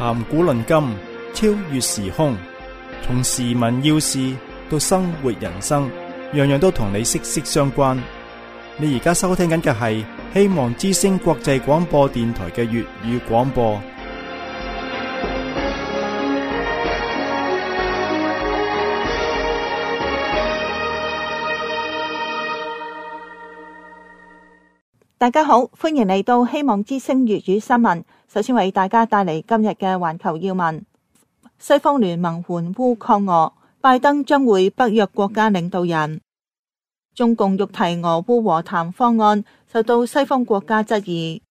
談古論今，超越時空，從時聞要事到生活人生，樣樣都同你息息相關。你而家收聽緊嘅係希望之聲國際廣播電台嘅粵語廣播。大家好，歡迎嚟到希望之聲粵語新聞。首先為大家帶嚟今日嘅環球要聞：西方聯盟援烏抗俄，拜登將會北約國家領導人；中共欲提俄烏和談方案，受到西方國家質疑。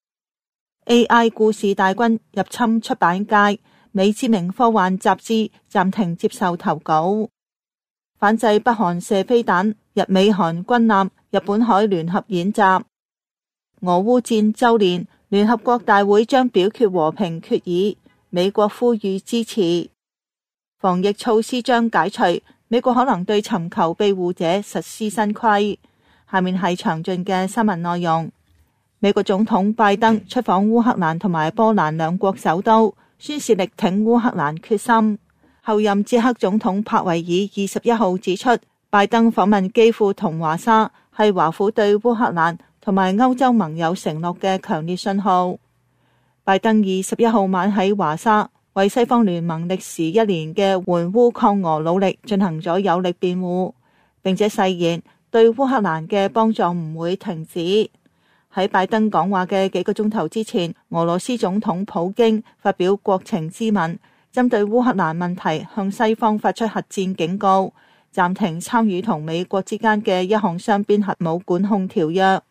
AI 故事大軍入侵出版界，美知名科幻雜誌暫停接受投稿。反制北韓射飛彈，日美韓軍艦日本海聯合演習。俄烏戰周年，聯合國大會將表決和平決議，美國呼籲支持。防疫措施將解除，美國可能對尋求庇護者實施新規。下面係詳盡嘅新聞內容。美國總統拜登出訪烏克蘭同埋波蘭兩國首都，宣示力挺烏克蘭決心。後任捷克總統帕維爾二十一號指出，拜登訪問基輔同華沙係華府對烏克蘭同埋歐洲盟友承諾嘅強烈信號。拜登二十一號晚喺華沙為西方聯盟歷時一年嘅援烏抗俄努力進行咗有力辯護，並且誓言對烏克蘭嘅幫助唔會停止。喺拜登講話嘅幾個鐘頭之前，俄羅斯總統普京發表國情咨文，針對烏克蘭問題向西方發出核戰警告，暫停參與同美國之間嘅一項雙邊核武管控條約。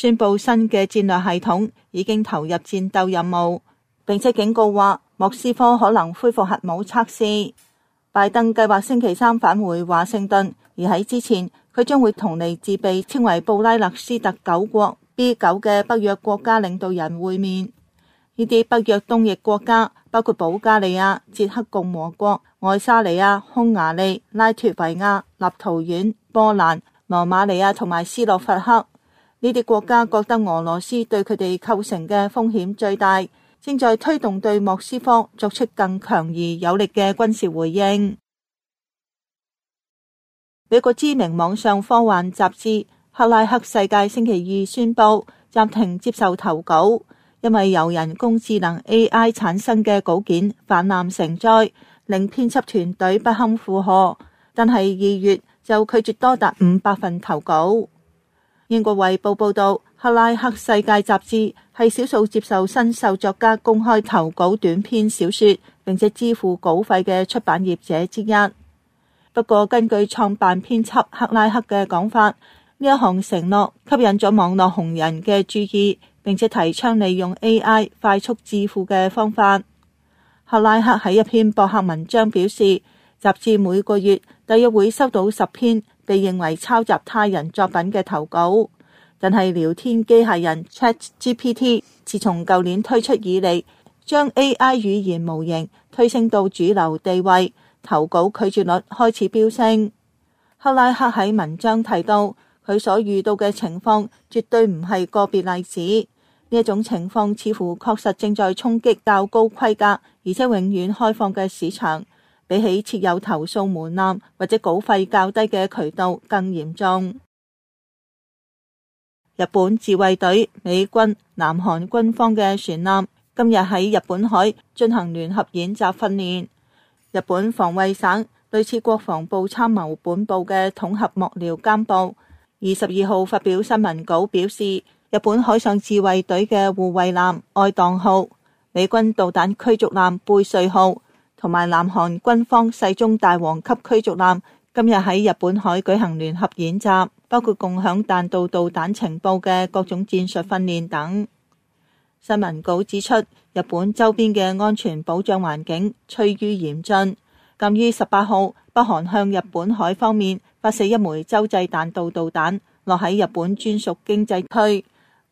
宣布新嘅戰略系統已經投入戰鬥任務，並且警告話莫斯科可能恢復核武測試。拜登計劃星期三返回華盛頓，而喺之前佢將會同嚟自被稱為布拉勒斯特九國 B 九嘅北約國家領導人會面。呢啲北約東翼國家包括保加利亞、捷克共和國、愛沙尼亞、匈牙利、拉脫維亞、立陶宛、波蘭、羅馬尼亞同埋斯洛伐克。呢啲國家覺得俄羅斯對佢哋構成嘅風險最大，正在推動對莫斯科作出更強而有力嘅軍事回應。美國知名網上科幻雜誌《克拉克世界》星期二宣布暫停接受投稿，因為由人工智能 AI 產生嘅稿件氾濫成災，令編輯團隊不堪負荷。但係二月就拒絕多達五百份投稿。英國衛報報道，克拉克世界雜誌係少數接受新秀作家公開投稿短篇小說，並且支付稿費嘅出版業者之一。不過，根據創辦編輯克拉克嘅講法，呢一項承諾吸引咗網絡紅人嘅注意，並且提倡利用 AI 快速致富嘅方法。克拉克喺一篇博客文章表示，雜誌每個月大約會收到十篇。被認為抄襲他人作品嘅投稿，但係聊天機械人 ChatGPT 自從舊年推出以嚟，將 AI 語言模型推升到主流地位，投稿拒絕率開始飆升。克拉克喺文章提到，佢所遇到嘅情況絕對唔係個別例子，呢一種情況似乎確實正在衝擊較高規格，而且永遠開放嘅市場。比起設有投訴門檻或者稿費較低嘅渠道更嚴重。日本自衛隊、美軍、南韓軍方嘅船艦今日喺日本海進行聯合演習訓練。日本防衛省類似國防部參謀本部嘅統合幕僚監部二十二號發表新聞稿表示，日本海上自衛隊嘅護衛艦愛宕號、美軍導彈驅逐艦貝瑞號。同埋南韓軍方世宗大王級驅逐艦今日喺日本海舉行聯合演習，包括共享彈道導彈情報嘅各種戰術訓練等。新聞稿指出，日本周邊嘅安全保障環境趨於嚴峻。鑒於十八號，北韓向日本海方面發射一枚洲際彈道導彈，落喺日本專屬經濟區。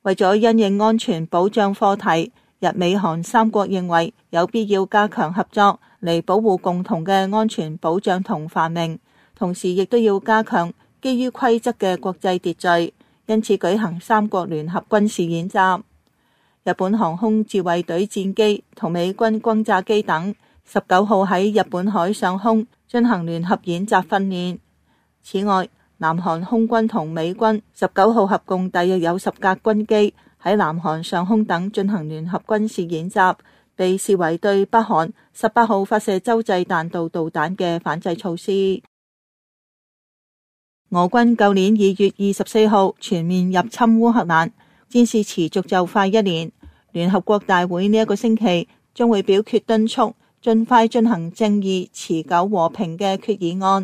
為咗因應安全保障課題，日美韓三國認為有必要加強合作。嚟保護共同嘅安全保障同繁榮，同時亦都要加強基於規則嘅國際秩序。因此舉行三國聯合軍事演習，日本航空自衛隊戰機同美軍轟炸機等，十九號喺日本海上空進行聯合演習訓練。此外，南韓空軍同美軍十九號合共大約有十架軍機喺南韓上空等進行聯合軍事演習。被視為對北韓十八號發射洲際彈道導彈嘅反制措施。俄軍舊年二月二十四號全面入侵烏克蘭，戰事持續就快一年。聯合國大會呢一個星期將會表決敦促，盡快進行正義、持久和平嘅決議案。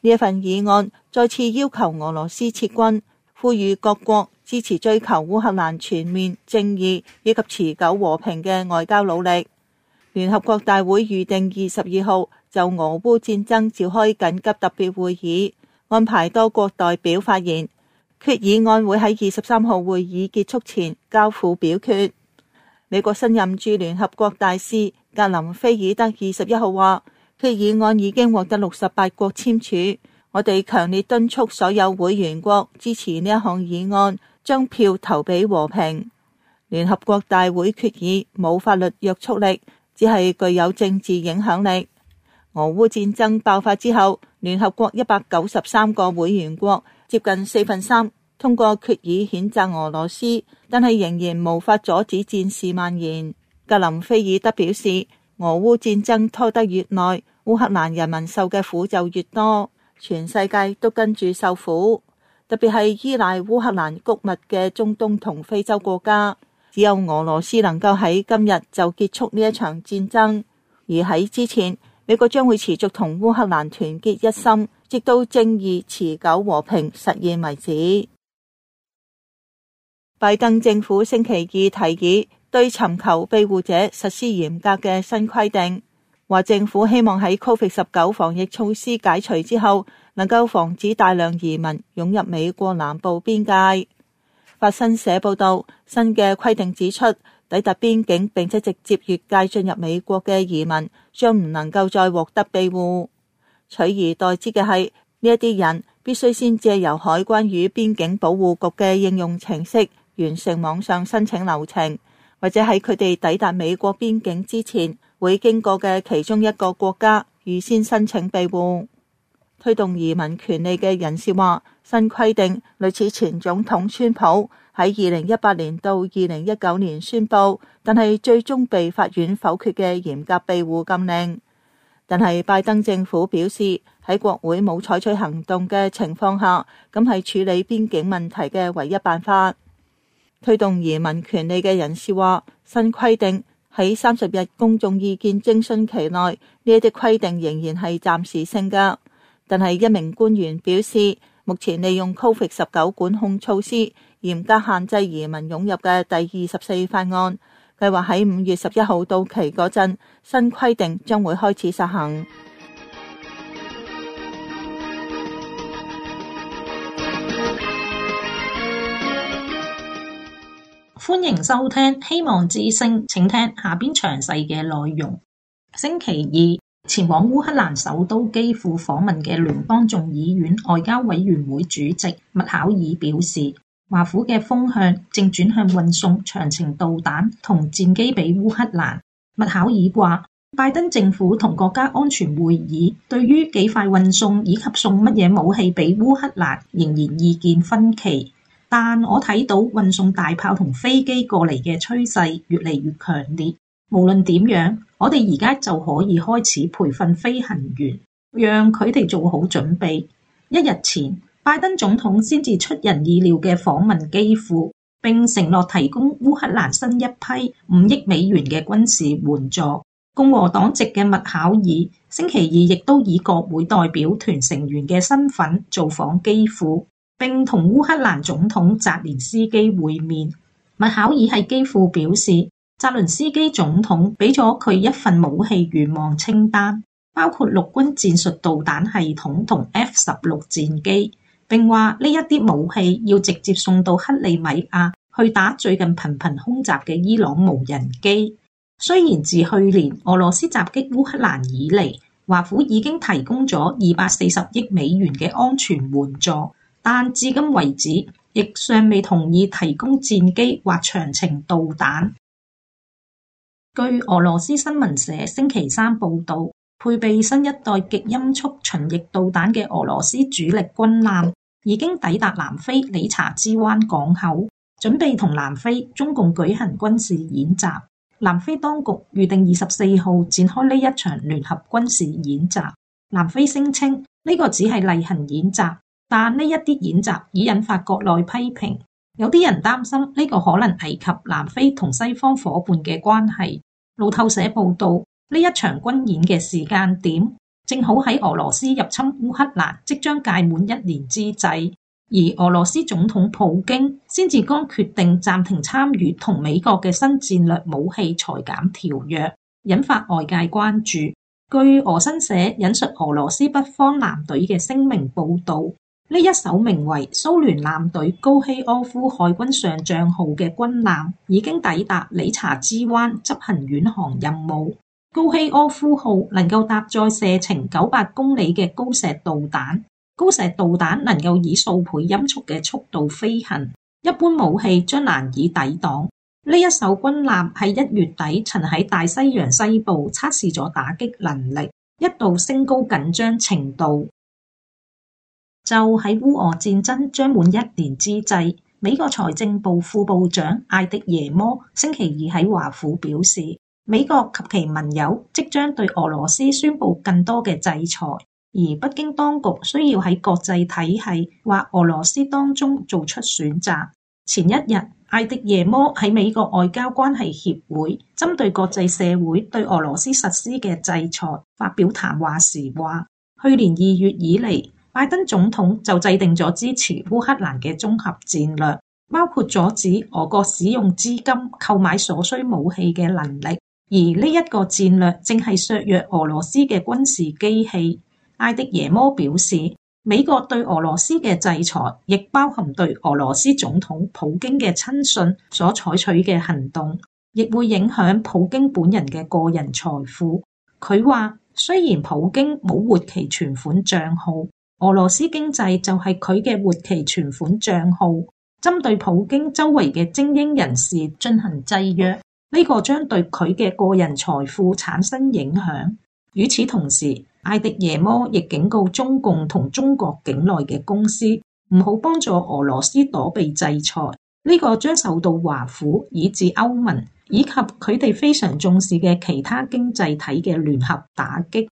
呢一份議案再次要求俄羅斯撤軍，呼籲各國。支持追求烏克蘭全面正義以及持久和平嘅外交努力。聯合國大會預定二十二號就俄烏戰爭召開緊急特別會議，安排多國代表發言。決議案會喺二十三號會議結束前交付表決。美國新任駐聯合國大使格林菲爾德二十一號話，決議案已經獲得六十八國簽署，我哋強烈敦促所有會員國支持呢一項議案。將票投俾和平，聯合國大會決議冇法律約束力，只係具有政治影響力。俄烏戰爭爆發之後，聯合國一百九十三個會員國接近四分三通過決議，譴責俄羅斯，但係仍然無法阻止戰事蔓延。格林菲爾德表示，俄烏戰爭拖得越耐，烏克蘭人民受嘅苦就越多，全世界都跟住受苦。特別係依賴烏克蘭谷物嘅中東同非洲國家，只有俄羅斯能夠喺今日就結束呢一場戰爭。而喺之前，美國將會持續同烏克蘭團結一心，直到正義持久和平實現為止。拜登政府星期二提議對尋求庇護者實施嚴格嘅新規定，話政府希望喺 Covid 十九防疫措施解除之後，能夠防止大量移民湧入美國南部邊界。法新社報導，新嘅規定指出，抵達邊境並且直接越界進入美國嘅移民，將唔能夠再獲得庇護。取而代之嘅係，呢一啲人必須先借由海關與邊境保護局嘅應用程式完成網上申請流程，或者喺佢哋抵達美國邊境之前，會經過嘅其中一個國家預先申請庇護。推動移民權利嘅人士話：新規定類似前總統川普喺二零一八年到二零一九年宣布，但係最終被法院否決嘅嚴格庇護禁令。但係拜登政府表示喺國會冇採取行動嘅情況下，噉係處理邊境問題嘅唯一辦法。推動移民權利嘅人士話：新規定喺三十日公眾意見徵詢期內，呢一啲規定仍然係暫時性㗎。但係一名官員表示，目前利用 Covid 十九管控措施，嚴格限制移民湧入嘅第二十四法案，計劃喺五月十一號到期嗰陣，新規定將會開始實行。歡迎收聽，希望之聲請聽下邊詳細嘅內容。星期二。前往烏克蘭首都基輔訪問嘅聯邦眾議院外交委員會主席麥考爾表示，華府嘅風向正轉向運送長程導彈同戰機俾烏克蘭。麥考爾話：拜登政府同國家安全會議對於幾快運送以及送乜嘢武器俾烏克蘭仍然意見分歧，但我睇到運送大炮同飛機過嚟嘅趨勢越嚟越強烈。無論點樣。我哋而家就可以開始培訓飛行員，讓佢哋做好準備。一日前，拜登總統先至出人意料嘅訪問基輔，並承諾提供烏克蘭新一批五億美元嘅軍事援助。共和黨籍嘅麥考爾星期二亦都以國會代表團成員嘅身份造訪基輔，並同烏克蘭總統澤連斯基會面。麥考爾喺基輔表示。澤倫斯基總統俾咗佢一份武器願望清單，包括陸軍戰術導彈系統同 F 十六戰機。並話呢一啲武器要直接送到克里米亞去打最近頻頻空襲嘅伊朗無人機。雖然自去年俄羅斯襲擊烏克蘭以嚟，華府已經提供咗二百四十億美元嘅安全援助，但至今為止，亦尚未同意提供戰機或長程導彈。據俄羅斯新聞社星期三報道，配備新一代極音速巡弋導彈嘅俄羅斯主力軍艦已經抵達南非理查茲灣港口，準備同南非中共舉行軍事演習。南非當局預定二十四號展開呢一場聯合軍事演習。南非聲稱呢個只係例行演習，但呢一啲演習已引發國內批評。有啲人擔心呢個可能危及南非同西方夥伴嘅關係。路透社報道，呢一場軍演嘅時間點，正好喺俄羅斯入侵烏克蘭即將屆滿一年之際，而俄羅斯總統普京先至剛決定暫停參與同美國嘅新戰略武器裁減條約，引發外界關注。據俄新社引述俄羅斯北方艦隊嘅聲明報道。呢一艘名為蘇聯艦隊高希阿夫海軍上將號嘅軍艦，已經抵達理查茲灣執行遠航任務。高希阿夫號能夠搭載射程九百公里嘅鋯石導彈，鋯石導彈能夠以數倍音速嘅速度飛行，一般武器將難以抵擋。呢一艘軍艦喺一月底曾喺大西洋西部測試咗打擊能力，一度升高緊張程度。就喺烏俄戰爭將滿一年之際，美國財政部副部長艾迪耶摩星期二喺華府表示，美國及其盟友即將對俄羅斯宣布更多嘅制裁，而北京當局需要喺國際體系或俄羅斯當中做出選擇。前一日，艾迪耶摩喺美國外交關係協會針對國際社會對俄羅斯實施嘅制裁發表談話時話：去年二月以嚟。拜登總統就制定咗支持烏克蘭嘅綜合戰略，包括阻止俄國使用資金購買所需武器嘅能力。而呢一個戰略正係削弱俄羅斯嘅軍事機器。艾迪耶摩表示，美國對俄羅斯嘅制裁亦包含對俄羅斯總統普京嘅親信所採取嘅行動，亦會影響普京本人嘅個人財富。佢話，雖然普京冇活期存款賬號。俄羅斯經濟就係佢嘅活期存款賬號，針對普京周圍嘅精英人士進行制約，呢個將對佢嘅個人財富產生影響。與此同時，艾迪耶摩亦警告中共同中國境內嘅公司唔好幫助俄羅斯躲避制裁，呢個將受到華府以至歐盟以及佢哋非常重視嘅其他經濟體嘅聯合打擊。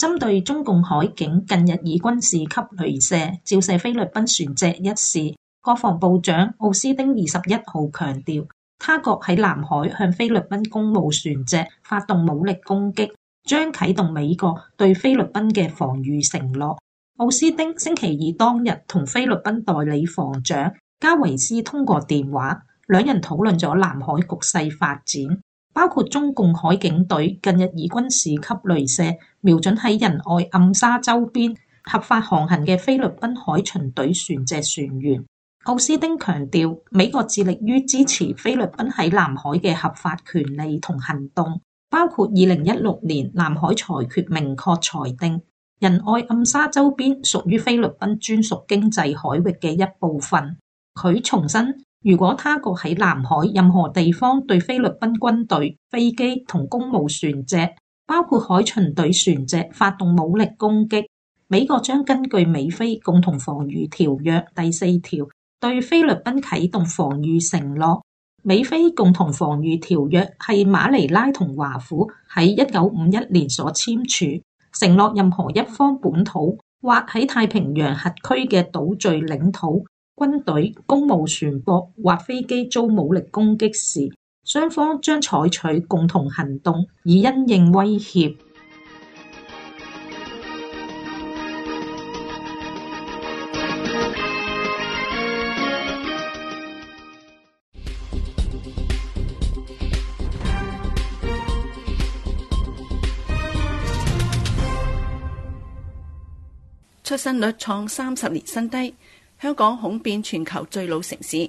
針對中共海警近日以軍事級雷射照射菲律賓船隻一事，國防部長奧斯丁二十一號強調，他國喺南海向菲律賓公務船隻發動武力攻擊，將啟動美國對菲律賓嘅防禦承諾。奧斯丁星期二當日同菲律賓代理防長加維斯通過電話，兩人討論咗南海局勢發展。包括中共海警隊近日以軍事級鐳射瞄準喺仁愛暗沙周邊合法航行嘅菲律賓海巡隊船隻船員。奧斯汀強調，美國致力於支持菲律賓喺南海嘅合法權利同行動，包括二零一六年南海裁決明確裁定仁愛暗沙周邊屬於菲律賓專屬經濟海域嘅一部分。佢重申。如果他國喺南海任何地方對菲律賓軍隊、飛機同公務船隻，包括海巡隊船隻發動武力攻擊，美國將根據美菲共同防禦條約第四條對菲律賓啟動防禦承諾。美菲共同防禦條約係馬尼拉同華府喺一九五一年所簽署，承諾任何一方本土或喺太平洋轄區嘅島嶼領土。軍隊、公務船舶或飛機遭武力攻擊時，雙方將採取共同行動以因應威脅。出生率創三十年新低。香港恐變全球最老城市，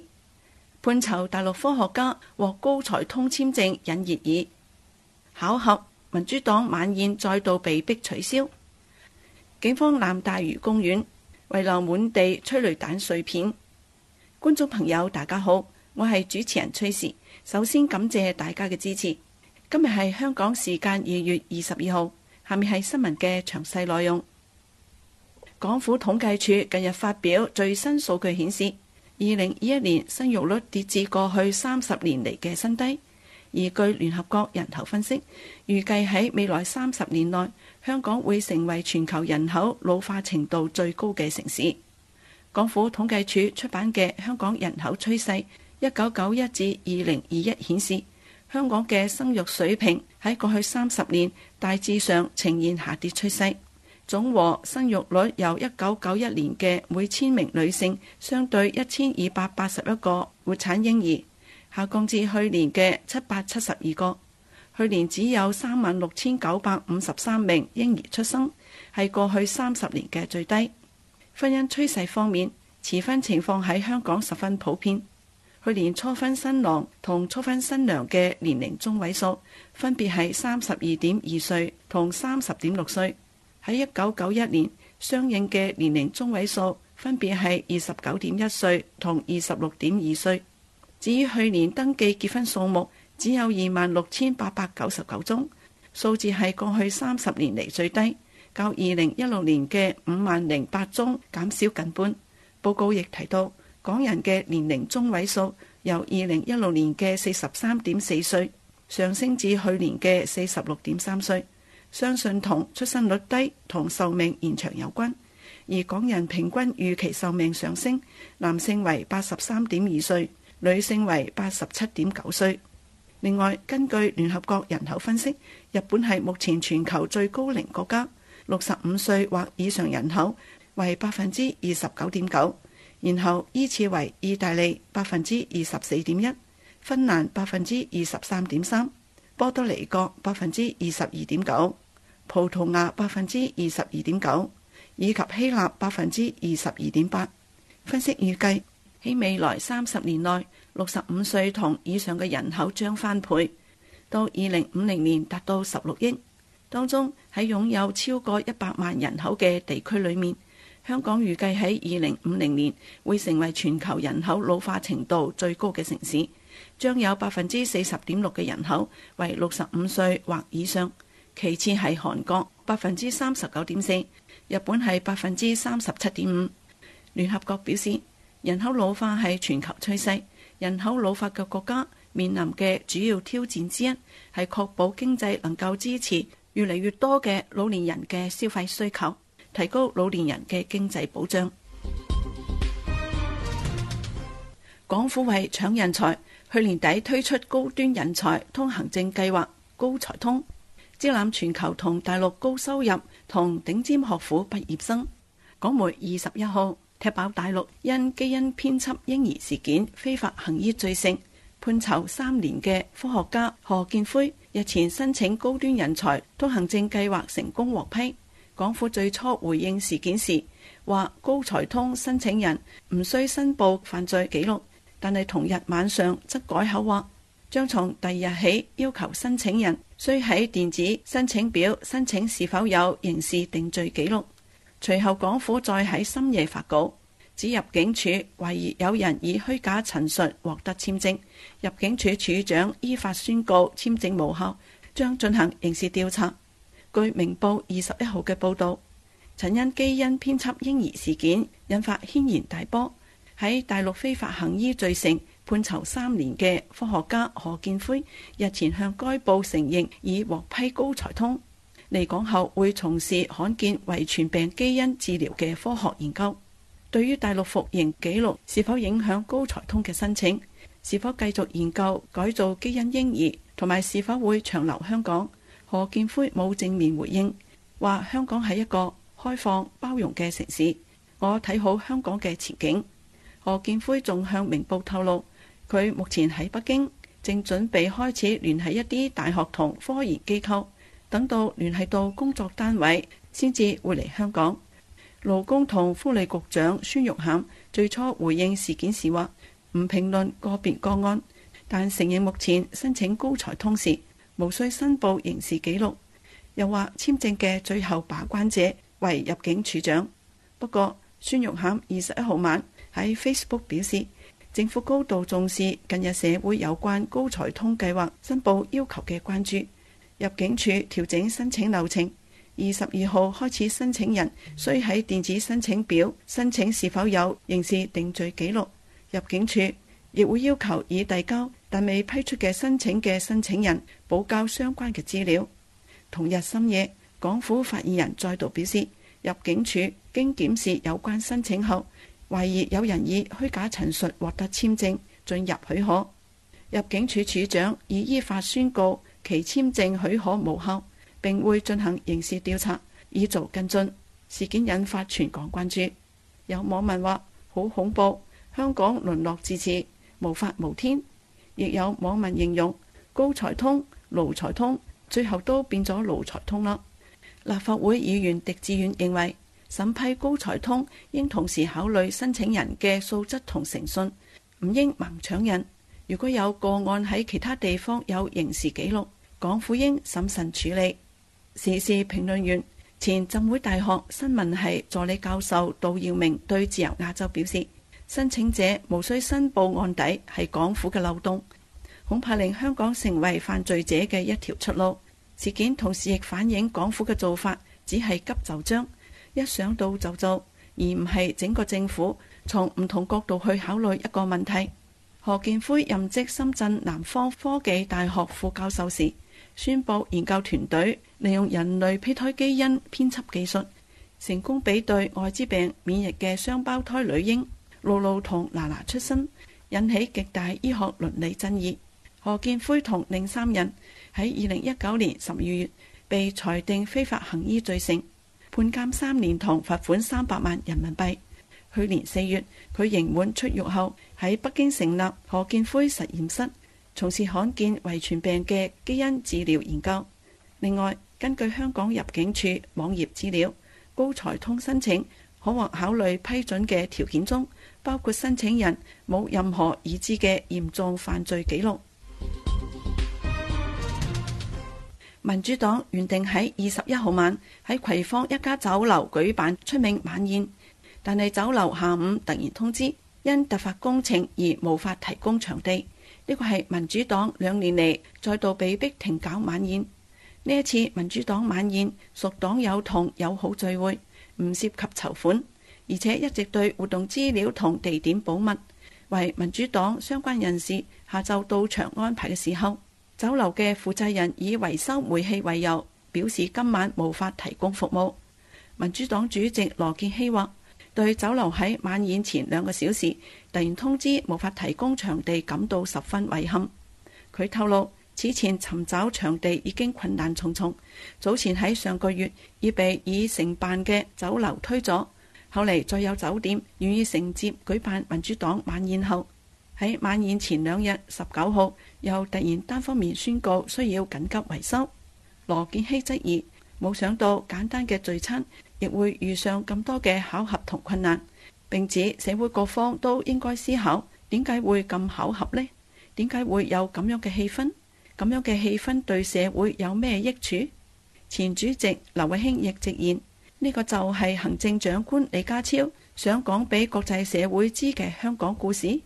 判囚大陸科學家獲高才通簽證引熱議。巧合，民主黨晚宴再度被迫取消。警方南大嶼公園，遺留滿地催淚彈碎片。觀眾朋友，大家好，我係主持人崔氏，首先感謝大家嘅支持。今日係香港時間二月二十二號，下面係新聞嘅詳細內容。港府統計處近日發表最新數據顯示，二零二一年生育率跌至過去三十年嚟嘅新低。而據聯合國人口分析，預計喺未來三十年內，香港會成為全球人口老化程度最高嘅城市。港府統計處出版嘅《香港人口趨勢（一九九一至二零二一）》顯示，香港嘅生育水平喺過去三十年大致上呈現下跌趨勢。總和生育率由一九九一年嘅每千名女性相對一千二百八十一個活產嬰兒，下降至去年嘅七百七十二個。去年只有三萬六千九百五十三名嬰兒出生，係過去三十年嘅最低。婚姻趨勢方面，遲婚情況喺香港十分普遍。去年初婚新郎同初婚新娘嘅年齡中位數，分別係三十二點二歲同三十點六歲。喺一九九一年，相應嘅年齡中位數分別係二十九點一歲同二十六點二歲。至於去年登記結婚數目，只有二萬六千八百九十九宗，數字係過去三十年嚟最低，較二零一六年嘅五萬零八宗減少近半。報告亦提到，港人嘅年齡中位數由二零一六年嘅四十三點四歲上升至去年嘅四十六點三歲。相信同出生率低同壽命延長有關，而港人平均預期壽命上升，男性為八十三點二歲，女性為八十七點九歲。另外，根據聯合國人口分析，日本係目前全球最高齡國家，六十五歲或以上人口為百分之二十九點九，然後依次為意大利百分之二十四點一、芬蘭百分之二十三點三、波多黎各百分之二十二點九。葡萄牙百分之二十二點九，以及希臘百分之二十二點八。分析預計喺未來三十年內六十五歲同以上嘅人口將翻倍，到二零五零年達到十六億。當中喺擁有超過一百萬人口嘅地區裏面，香港預計喺二零五零年會成為全球人口老化程度最高嘅城市，將有百分之四十點六嘅人口為六十五歲或以上。其次係韓國，百分之三十九點四；日本係百分之三十七點五。聯合國表示，人口老化係全球趨勢，人口老化嘅國家面臨嘅主要挑戰之一係確保經濟能夠支持越嚟越多嘅老年人嘅消費需求，提高老年人嘅經濟保障。港府為搶人才，去年底推出高端人才通行證計劃「高才通」。招攬全球同大陸高收入同頂尖學府畢業生。港媒二十一號踢爆大陸因基因編輯嬰兒事件非法行醫罪成，判囚三年嘅科學家何建輝日前申請高端人才通行證計劃成功獲批。港府最初回應事件時話高才通申請人唔需申報犯罪記錄，但係同日晚上則改口話。將從第二日起要求申請人需喺電子申請表申請是否有刑事定罪記錄。隨後港府再喺深夜發稿，指入境處懷疑有人以虛假陳述獲得簽證，入境處處長依法宣告簽證無效，將進行刑事調查。據明報二十一號嘅報導，曾因基因編輯嬰兒事件引發軒然大波，喺大陸非法行醫罪成。判囚三年嘅科學家何建輝日前向該報承認已獲批高才通，嚟港後會從事罕見遺傳病基因治療嘅科學研究。對於大陸服刑記錄是否影響高才通嘅申請，是否繼續研究改造基因嬰兒，同埋是否會長留香港，何建輝冇正面回應，話香港係一個開放包容嘅城市，我睇好香港嘅前景。何建輝仲向明報透露，佢目前喺北京，正準備開始聯繫一啲大學同科研機構，等到聯繫到工作單位，先至會嚟香港。勞工同福利局長孫玉菡最初回應事件時話：唔評論個別個案，但承認目前申請高才通時無需申報刑事記錄，又話簽證嘅最後把關者為入境處長。不過，孫玉菡二十一號晚喺 Facebook 表示。政府高度重視近日社會有關高才通計劃申報要求嘅關注，入境處調整申請流程。二十二號開始，申請人需喺電子申請表申請是否有刑事定罪記錄。入境處亦會要求已遞交但未批出嘅申請嘅申請人補交相關嘅資料。同日深夜，港府發言人再度表示，入境處經檢視有關申請後。懷疑有人以虛假陳述獲得簽證進入許可，入境處處長已依法宣告其簽證許可無效，並會進行刑事調查以做跟進。事件引發全港關注，有網民話好恐怖，香港淪落至此，無法無天。亦有網民形容高才通撈才通，最後都變咗撈才通啦。立法會議員狄志遠認為。審批高才通應同時考慮申請人嘅素質同誠信，唔應盲搶人。如果有個案喺其他地方有刑事記錄，港府應審慎處理。時事評論員、前浸會大學新聞系助理教授杜耀明對自由亞洲表示：申請者無需申報案底係港府嘅漏洞，恐怕令香港成為犯罪者嘅一條出路。事件同時亦反映港府嘅做法只係急就章。一想到就做，而唔係整個政府從唔同角度去考慮一個問題。何建輝任職深圳南方科技大學副教授時，宣布研究團隊利用人類胚胎基因編輯技術，成功比對艾滋病免疫嘅雙胞胎女嬰露露同娜娜出生，引起極大醫學倫理爭議。何建輝同另三人喺二零一九年十二月被裁定非法行醫罪成。判監三年，同罰款三百萬人民幣。去年四月，佢刑滿出獄後，喺北京成立何建輝實驗室，從事罕見遺傳病嘅基因治療研究。另外，根據香港入境處網頁資料，高才通申請可獲考慮批准嘅條件中，包括申請人冇任何已知嘅嚴重犯罪記錄。民主黨原定喺二十一號晚喺葵芳一家酒樓舉辦出名晚宴，但係酒樓下午突然通知，因突發工程而無法提供場地。呢個係民主黨兩年嚟，再度被逼停搞晚宴。呢一次民主黨晚宴屬黨友同友好聚會，唔涉及籌款，而且一直對活動資料同地點保密。為民主黨相關人士下晝到場安排嘅時候。酒樓嘅負責人以維修煤氣為由，表示今晚無法提供服務。民主黨主席羅健熙話：對酒樓喺晚宴前兩個小時突然通知無法提供場地，感到十分遺憾。佢透露，此前尋找場地已經困難重重，早前喺上個月已被已承辦嘅酒樓推咗，後嚟再有酒店願意承接舉辦民主黨晚宴後。喺晚宴前兩日，十九號又突然單方面宣告需要緊急維修。羅健熙質疑冇想到簡單嘅聚餐亦會遇上咁多嘅巧合同困難。並指社會各方都應該思考點解會咁巧合呢？點解會有咁樣嘅氣氛？咁樣嘅氣氛對社會有咩益處？前主席劉慧卿亦直言：呢個就係行政長官李家超想講俾國際社會知嘅香港故事。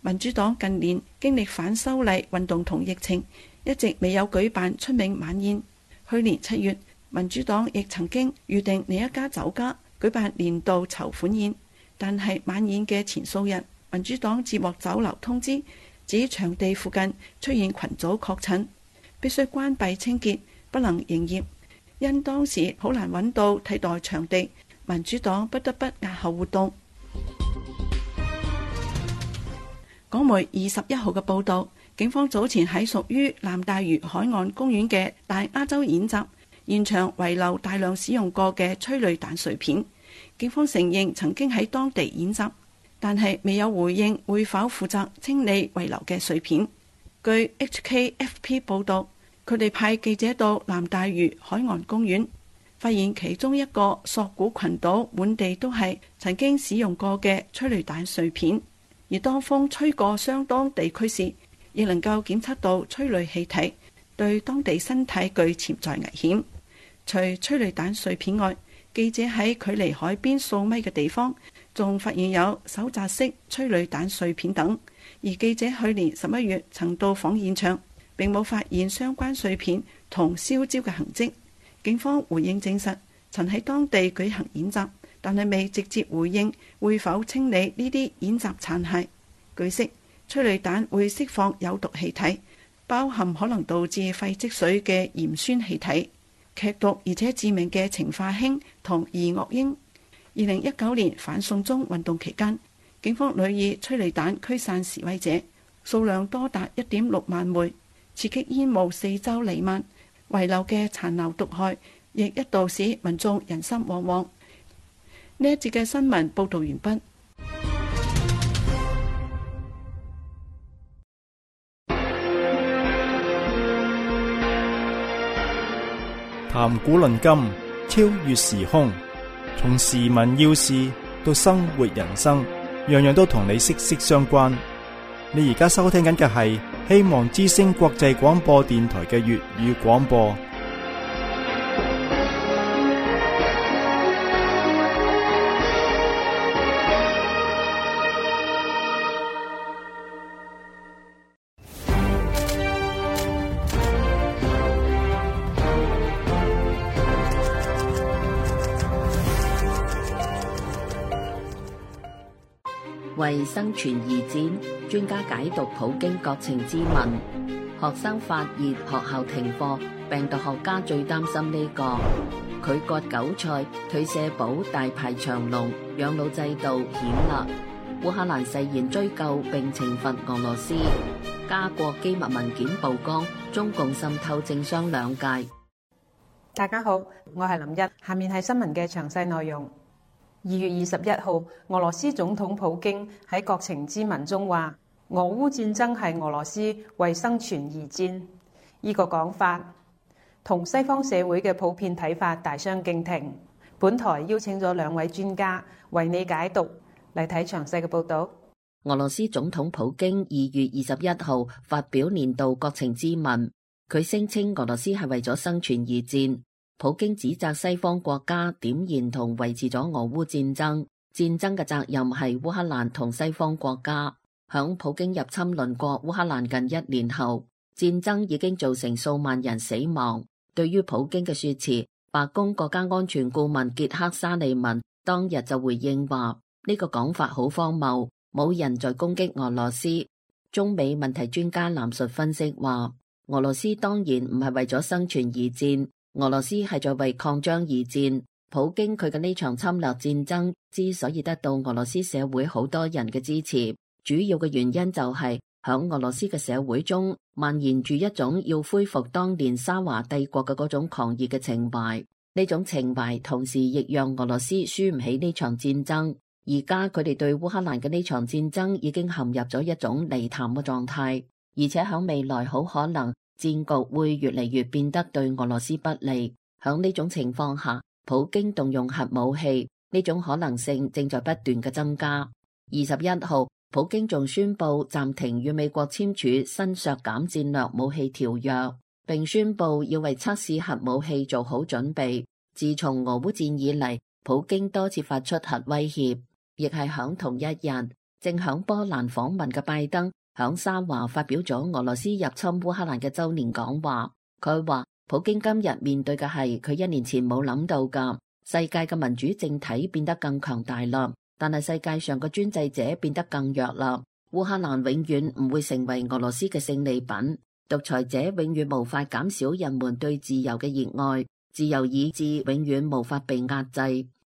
民主黨近年經歷反修例運動同疫情，一直未有舉辦春茗晚宴。去年七月，民主黨亦曾經預定另一家酒家舉辦年度籌款宴，但係晚宴嘅前數日，民主黨接獲酒樓通知，指場地附近出現群組確診，必須關閉清潔，不能營業。因當時好難揾到替代場地，民主黨不得不押後活動。港媒二十一號嘅報導，警方早前喺屬於南大嶼海岸公園嘅大亞洲演習現場遺留大量使用過嘅催淚彈碎片。警方承認曾經喺當地演習，但係未有回應會否負責清理遺留嘅碎片。據 HKFP 報導，佢哋派記者到南大嶼海岸公園，發現其中一個索罟群島滿地都係曾經使用過嘅催淚彈碎片。而當風吹過相當地區時，亦能夠檢測到催淚氣體，對當地身體具潛在危險。除催淚彈碎片外，記者喺距離海邊數米嘅地方，仲發現有手擲式催淚彈碎片等。而記者去年十一月曾到訪現場，並冇發現相關碎片同燒焦嘅痕跡。警方回應證實，曾喺當地舉行演習。但係未直接回應會否清理呢啲演習殘骸。據悉，催淚彈會釋放有毒氣體，包含可能導致肺積水嘅鹽酸氣體、劇毒而且致命嘅氰化氫同二惡英。二零一九年反送中運動期間，警方屢以催淚彈驅散示威者，數量多達一點六萬枚，刺激煙霧四周瀰漫，遺留嘅殘留毒害亦一度使民眾人心惶惶。呢一節嘅新聞報道完畢。談古論今，超越時空，從時聞要事到生活人生，樣樣都同你息息相關。你而家收聽緊嘅係希望之聲國際廣播電台嘅粵語廣播。為生存而戰，專家解讀普京國情之問。學生發熱，學校停課。病毒學家最擔心呢、這個。佢割韭菜，退社保，大排長龍，養老制度險惡。烏克蘭誓言追究並懲罰俄羅斯。加國機密文件曝光，中共滲透政商兩界。大家好，我係林一，下面係新聞嘅詳細內容。二月二十一號，俄羅斯總統普京喺國情咨文中話：俄烏戰爭係俄羅斯為生存而戰。呢、這個講法同西方社會嘅普遍睇法大相徑庭。本台邀請咗兩位專家為你解讀，嚟睇詳細嘅報道。俄羅斯總統普京二月二十一號發表年度國情咨文，佢聲稱俄羅斯係為咗生存而戰。普京指責西方國家點燃同維持咗俄烏戰爭，戰爭嘅責任係烏克蘭同西方國家。響普京入侵鄰國烏克蘭近一年後，戰爭已經造成數萬人死亡。對於普京嘅說辭，白宮國家安全顧問傑克沙利文當日就回應話：呢、這個講法好荒謬，冇人在攻擊俄羅斯。中美問題專家藍述分析話：俄羅斯當然唔係為咗生存而戰。俄羅斯係在為擴張而戰，普京佢嘅呢場侵略戰爭之所以得到俄羅斯社會好多人嘅支持，主要嘅原因就係、是、響俄羅斯嘅社會中蔓延住一種要恢復當年沙華帝國嘅嗰種狂熱嘅情懷。呢種情懷同時亦讓俄羅斯輸唔起呢場戰爭。而家佢哋對烏克蘭嘅呢場戰爭已經陷入咗一種泥潭嘅狀態，而且響未來好可能。戰局會越嚟越變得對俄羅斯不利。響呢種情況下，普京動用核武器，呢種可能性正在不斷嘅增加。二十一號，普京仲宣布暫停與美國簽署新削減戰略武器條約，並宣布要為測試核武器做好準備。自從俄烏戰以來，普京多次發出核威脅，亦係響同一日，正響波蘭訪問嘅拜登。響沙華發表咗俄羅斯入侵烏克蘭嘅周年講話，佢話普京今日面對嘅係佢一年前冇諗到㗎，世界嘅民主政體變得更強大啦，但係世界上嘅專制者變得更弱啦。烏克蘭永遠唔會成為俄羅斯嘅勝利品，獨裁者永遠無法減少人們對自由嘅熱愛，自由意志永遠無法被壓制。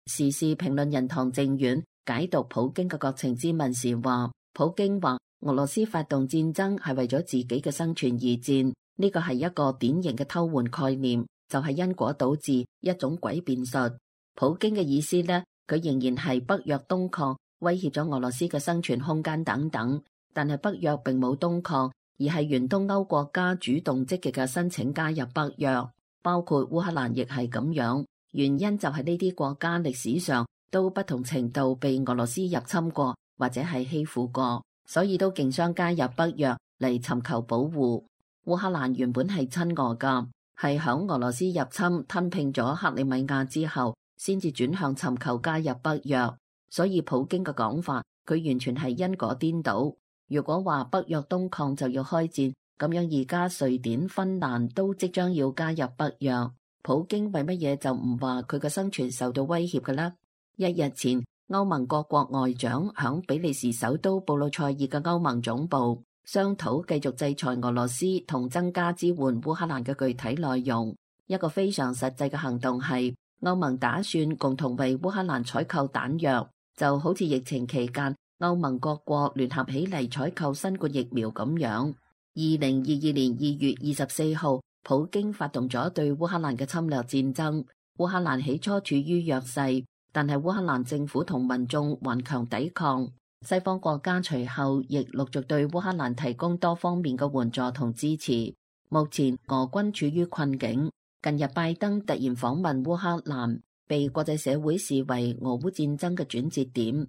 時事評論人唐正遠解讀普京嘅國情之問時話，普京話。俄羅斯發動戰爭係為咗自己嘅生存而戰，呢個係一個典型嘅偷換概念，就係、是、因果倒置一種詭辯術。普京嘅意思呢，佢仍然係北約東擴，威脅咗俄羅斯嘅生存空間等等。但係北約並冇東擴，而係原東歐國家主動積極嘅申請加入北約，包括烏克蘭亦係咁樣。原因就係呢啲國家歷史上都不同程度被俄羅斯入侵過，或者係欺負過。所以都競相加入北約嚟尋求保護。烏克蘭原本係親俄噶，係響俄羅斯入侵吞併咗克里米亞之後，先至轉向尋求加入北約。所以普京嘅講法，佢完全係因果顛倒。如果話北約東擴就要開戰，咁樣而家瑞典、芬蘭都即將要加入北約，普京為乜嘢就唔話佢嘅生存受到威脅噶呢？一日前。歐盟各國外長響比利時首都布魯塞爾嘅歐盟總部商討繼續制裁俄羅斯同增加支援烏克蘭嘅具體內容。一個非常實際嘅行動係歐盟打算共同為烏克蘭採購彈藥，就好似疫情期間歐盟各國聯合起嚟採購新冠疫苗咁樣。二零二二年二月二十四號，普京發動咗對烏克蘭嘅侵略戰爭，烏克蘭起初處於弱勢。但係烏克蘭政府同民眾頑強抵抗，西方國家隨後亦陸續對烏克蘭提供多方面嘅援助同支持。目前俄軍處於困境，近日拜登突然訪問烏克蘭，被國際社會視為俄烏戰爭嘅轉折點。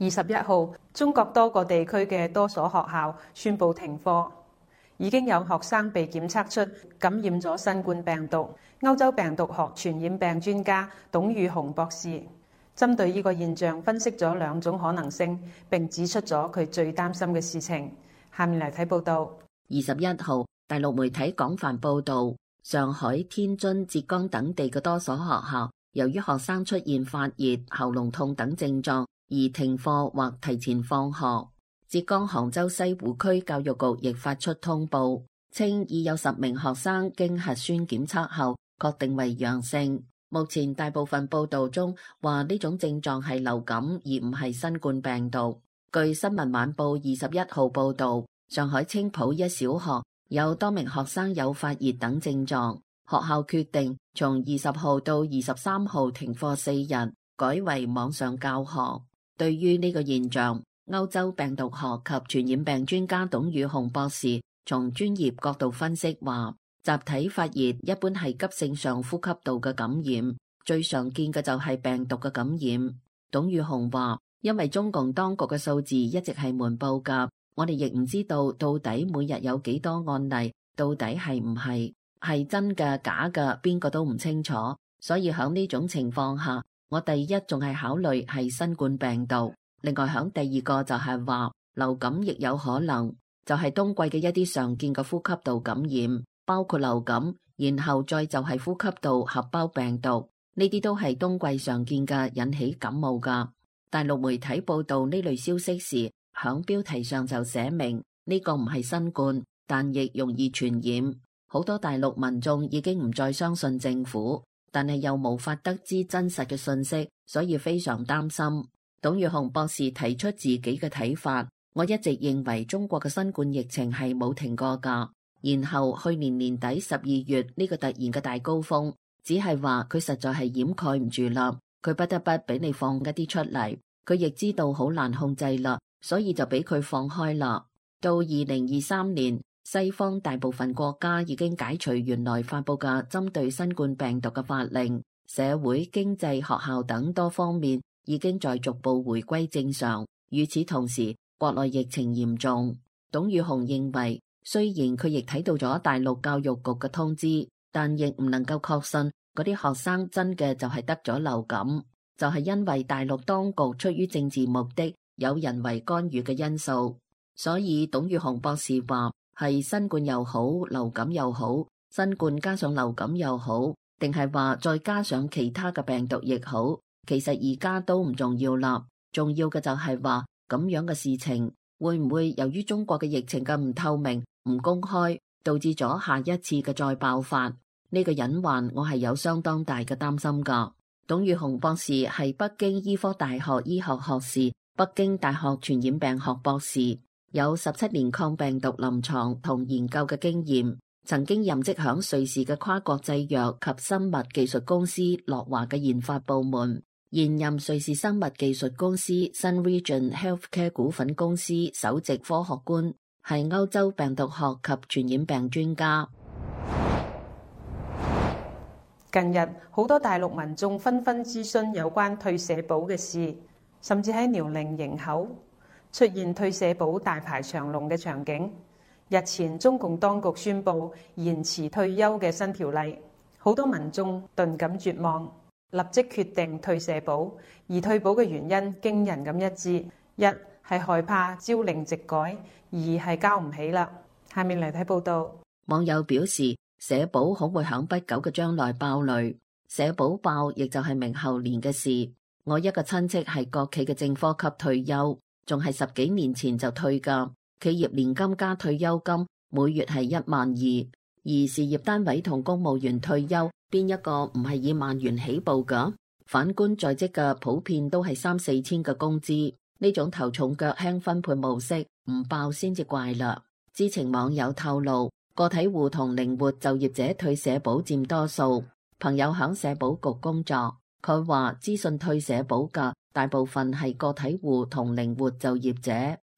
二十一號，中國多個地區嘅多所學校宣布停課，已經有學生被檢測出感染咗新冠病毒。歐洲病毒學傳染病專家董宇紅博士針對呢個現象分析咗兩種可能性，並指出咗佢最擔心嘅事情。下面嚟睇報道。二十一號，大陸媒體廣泛報導，上海、天津、浙江等地嘅多所學校由於學生出現發熱、喉嚨痛等症狀而停課或提前放學。浙江杭州西湖區教育局亦發出通報，稱已有十名學生經核酸檢測後。確定為陽性。目前大部分報道中話呢種症狀係流感而唔係新冠病毒。據《新聞晚報》二十一號報道，上海青浦一小學有多名學生有發熱等症狀，學校決定從二十號到二十三號停課四日，改為網上教學。對於呢個現象，歐洲病毒學及傳染病專家董宇紅博士從專業角度分析話。集體發熱一般係急性上呼吸道嘅感染，最常見嘅就係病毒嘅感染。董宇紅話：因為中共當局嘅數字一直係瞞報噶，我哋亦唔知道到底每日有幾多案例，到底係唔係，係真嘅假嘅，邊個都唔清楚。所以喺呢種情況下，我第一仲係考慮係新冠病毒。另外，喺第二個就係話流感亦有可能，就係冬季嘅一啲常見嘅呼吸道感染。包括流感，然後再就係呼吸道合胞病毒，呢啲都係冬季常見嘅引起感冒嘅。大陸媒體報道呢類消息時，響標題上就寫明呢個唔係新冠，但亦容易傳染。好多大陸民眾已經唔再相信政府，但係又無法得知真實嘅信息，所以非常擔心。董宇紅博士提出自己嘅睇法，我一直認為中國嘅新冠疫情係冇停過噶。然後去年年底十二月呢個突然嘅大高峰，只係話佢實在係掩蓋唔住啦，佢不得不俾你放一啲出嚟。佢亦知道好難控制啦，所以就俾佢放開啦。到二零二三年，西方大部分國家已經解除原來發布嘅針對新冠病毒嘅法令，社會、經濟、學校等多方面已經在逐步回歸正常。與此同時，國內疫情嚴重。董宇雄認為。雖然佢亦睇到咗大陸教育局嘅通知，但亦唔能夠確信嗰啲學生真嘅就係得咗流感，就係、是、因為大陸當局出於政治目的，有人為干預嘅因素。所以董宇雄博士話：係新冠又好，流感又好，新冠加上流感又好，定係話再加上其他嘅病毒亦好，其實而家都唔重要啦。重要嘅就係話咁樣嘅事情。會唔會由於中國嘅疫情嘅唔透明，唔公開，導致咗下一次嘅再爆發？呢、這個隱患我係有相當大嘅擔心噶。董宇紅博士係北京醫科大學醫學學士、北京大學傳染病學博士，有十七年抗病毒臨床同研究嘅經驗，曾經任職響瑞士嘅跨國製藥及生物技術公司諾華嘅研發部門。現任瑞士生物技術公司 Sun Region Healthcare 股份公司首席科學官，係歐洲病毒學及傳染病專家。近日，好多大陸民眾紛紛諮詢有關退社保嘅事，甚至喺遼寧營口出現退社保大排長龍嘅場景。日前，中共當局宣布延遲退休嘅新條例，好多民眾頓感絕望。立即決定退社保，而退保嘅原因驚人咁一致：一係害怕朝令夕改，二係交唔起啦。下面嚟睇報道。網友表示，社保可能會響不久嘅將來爆雷，社保爆亦就係明後年嘅事。我一個親戚係國企嘅正科級退休，仲係十幾年前就退噶，企業年金加退休金，每月係一萬二。而事業單位同公務員退休，邊一個唔係以萬元起步噶？反觀在職嘅普遍都係三四千嘅工資，呢種頭重腳輕分配模式唔爆先至怪嘞。知情網友透露，個體戶同靈活就業者退社保占多數。朋友響社保局工作，佢話資訊退社保嘅大部分係個體戶同靈活就業者，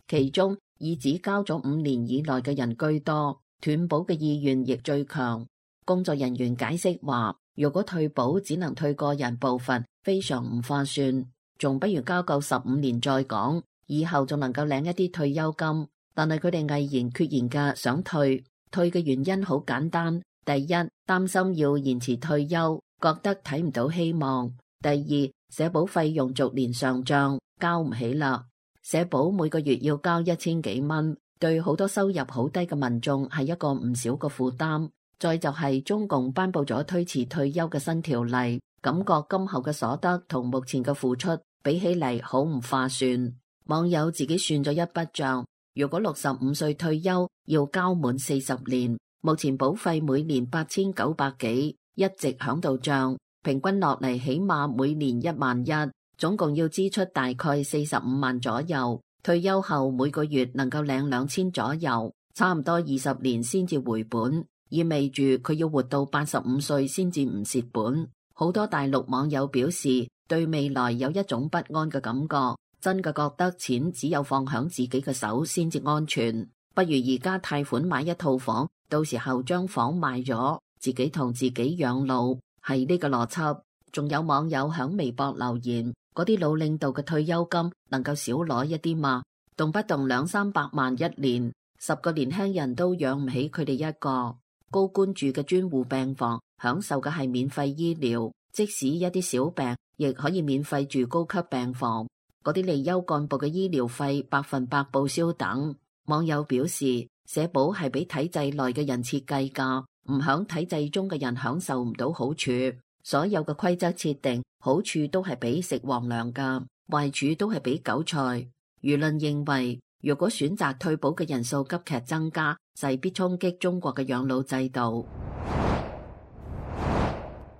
其中以只交咗五年以內嘅人居多。斷保嘅意願亦最強。工作人員解釋話，如果退保，只能退個人部分，非常唔劃算，仲不如交夠十五年再講。以後仲能夠領一啲退休金。但係佢哋毅然決然嘅想退，退嘅原因好簡單：第一，擔心要延遲退休，覺得睇唔到希望；第二，社保費用逐年上漲，交唔起啦。社保每個月要交一千幾蚊。對好多收入好低嘅民眾係一個唔少嘅負擔，再就係中共頒布咗推遲退休嘅新條例，感覺今後嘅所得同目前嘅付出比起嚟好唔劃算。網友自己算咗一筆賬，如果六十五歲退休要交滿四十年，目前保費每年八千九百幾，一直響度漲，平均落嚟起碼每年一萬一，總共要支出大概四十五萬左右。退休後每個月能夠領兩千左右，差唔多二十年先至回本，意味住佢要活到八十五歲先至唔蝕本。好多大陸網友表示，對未來有一種不安嘅感覺，真嘅覺得錢只有放響自己嘅手先至安全。不如而家貸款買一套房，到時候將房賣咗，自己同自己養老，係呢個邏輯。仲有網友響微博留言。嗰啲老領導嘅退休金能夠少攞一啲嘛？動不動兩三百萬一年，十個年輕人都養唔起佢哋一個。高官住嘅專戶病房，享受嘅係免費醫療，即使一啲小病亦可以免費住高級病房。嗰啲離休幹部嘅醫療費百分百報銷等。網友表示，社保係俾體制內嘅人設計噶，唔響體制中嘅人享受唔到好處。所有嘅規則設定，好處都係俾食皇糧噶，壞處都係俾韭菜。輿論認為，如果選擇退保嘅人數急劇增加，勢必衝擊中國嘅養老制度。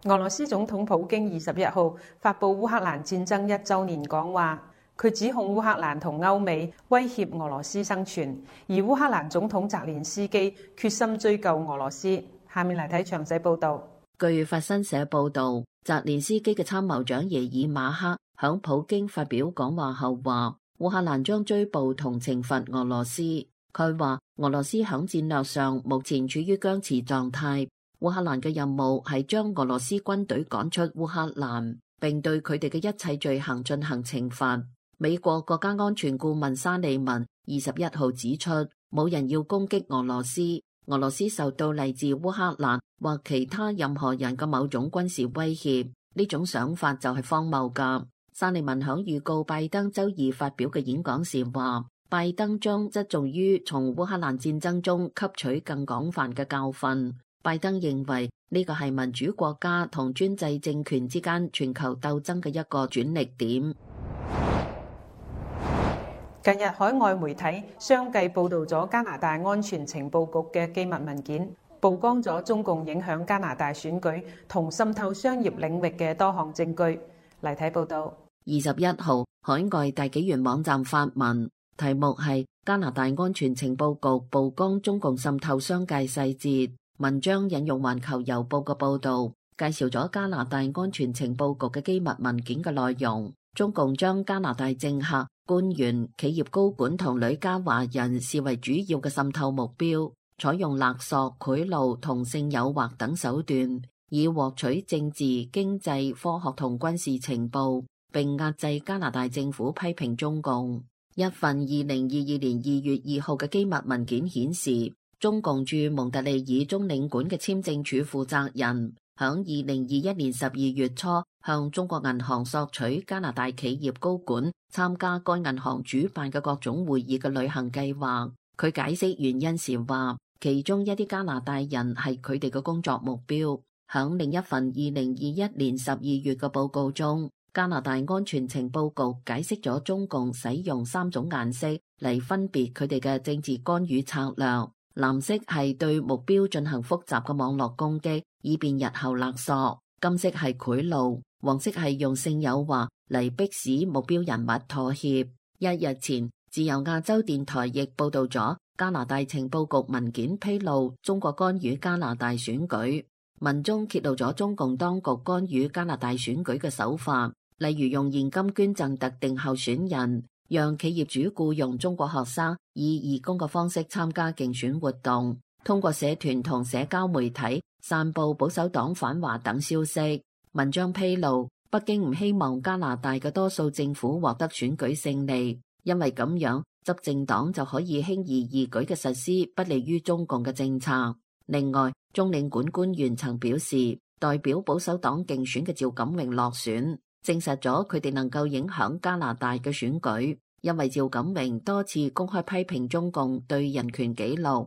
俄羅斯總統普京二十一號發布烏克蘭戰爭一周年講話，佢指控烏克蘭同歐美威脅俄羅斯生存，而烏克蘭總統澤連斯基決心追究俄羅斯。下面嚟睇詳細報道。據法新社報道，澤連斯基嘅參謀長耶爾馬克響普京發表講話後話，烏克蘭將追捕同懲罰俄羅斯。佢話俄羅斯響戰略上目前處於僵持狀態，烏克蘭嘅任務係將俄羅斯軍隊趕出烏克蘭，並對佢哋嘅一切罪行進行懲罰。美國國家安全顧問沙利文二十一號指出，冇人要攻擊俄羅斯。俄羅斯受到嚟自烏克蘭或其他任何人嘅某種軍事威脅，呢種想法就係荒謬噶。沙利文響預告拜登周二發表嘅演講時話，拜登將側重於從烏克蘭戰爭中吸取更廣泛嘅教訓。拜登認為呢個係民主國家同專制政權之間全球鬥爭嘅一個轉捩點。近日海外媒體相繼報道咗加拿大安全情報局嘅機密文件，曝光咗中共影響加拿大選舉同滲透商業領域嘅多項證據。嚟睇報道。二十一號，海外大紀元網站發文，題目係《加拿大安全情報局曝光中共滲透商界細節》。文章引用環球郵報嘅報道，介紹咗加拿大安全情報局嘅機密文件嘅內容。中共將加拿大政客官員、企業高管同旅加華人視為主要嘅滲透目標，採用勒索、賄賂、同性誘惑等手段，以獲取政治、經濟、科學同軍事情報，並壓制加拿大政府批評中共。一份二零二二年二月二號嘅機密文件顯示，中共駐蒙特利爾中領館嘅簽證處負責人。響二零二一年十二月初，向中國銀行索取加拿大企業高管參加該銀行主辦嘅各種會議嘅旅行計劃。佢解釋原因時話，其中一啲加拿大人係佢哋嘅工作目標。響另一份二零二一年十二月嘅報告中，加拿大安全情報局解釋咗中共使用三種顏色嚟分別佢哋嘅政治干預策略：藍色係對目標進行複雜嘅網絡攻擊。以便日後勒索，金色係賄賂，黃色係用性誘惑嚟迫使目標人物妥協。一日前，自由亞洲電台亦報道咗加拿大情報局文件披露，中國干預加拿大選舉，文中揭露咗中共當局干預加拿大選舉嘅手法，例如用現金捐贈特定候選人，讓企業主雇傭中國學生以義工嘅方式參加競選活動，通過社團同社交媒體，散佈保守黨反華等消息。文章披露，北京唔希望加拿大嘅多數政府獲得選舉勝利，因為咁樣執政黨就可以輕而易舉嘅實施不利於中共嘅政策。另外，中領館官員曾表示，代表保守黨競選嘅趙錦榮落選，證實咗佢哋能夠影響加拿大嘅選舉，因為趙錦榮多次公開批評中共對人權紀錄。